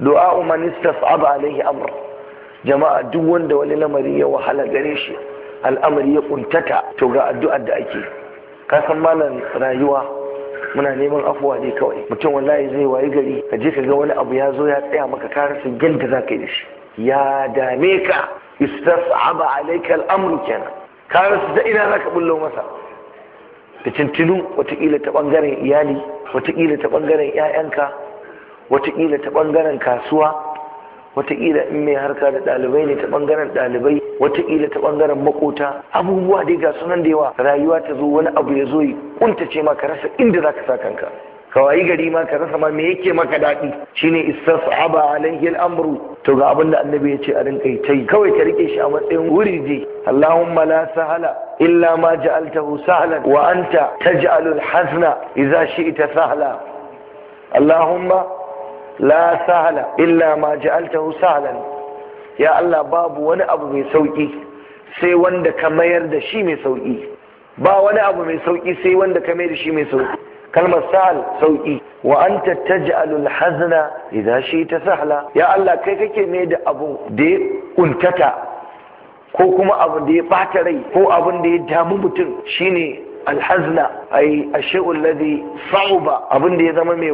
du'a man istas'aba alaihi amr jama'a duk wanda wani lamari ya wahala gare shi al'amari ya kuntata to ga addu'ar da ake ka san malam rayuwa muna neman afuwa ne kawai mutum wallahi zai wayi gari ka je ka ga wani abu ya zo ya tsaya maka ka rasa zaka za ka yi da shi ya dame ka istas'aba alayka al'amru kenan ka rasa da ina za ka bullo masa da watakila ta bangaren iyali watakila ta bangaren 'ya'yanka watakila ta bangaren kasuwa watakila in mai harka da ɗalibai ne ta ɓangaren ɗalibai watakila ta bangaren makota abubuwa dai ga sunan da yawa rayuwa ta zo wani abu ya zo kuntace ma ka rasa inda zaka ka sa kanka ka wayi gari ma ka rasa ma me yake maka daɗi shine istasaba alaihi al'amru to ga abin da annabi ya ce a rinka yi kawai ka rike shi a matsayin wuri je allahumma la sahala illa ma ja'altahu sahlan wa anta taj'alul hazna idza shi'ta sahla allahumma la sahala illa ma ja'altahu sahalan. ya Allah babu wani abu mai sauki sai wanda ka mayar da shi mai sauki ba wani abu mai sauki sai wanda ka mayar da shi mai sauki kalmar sahal sauki wa anta taj'alul hazna idza shi'ta sahla ya Allah kai kake mai da abu da ya kuntata ko kuma abu da ya bata rai ko abin da ya damu mutum shine alhazna ai ashe'ul ladhi sa'uba abin da ya zama mai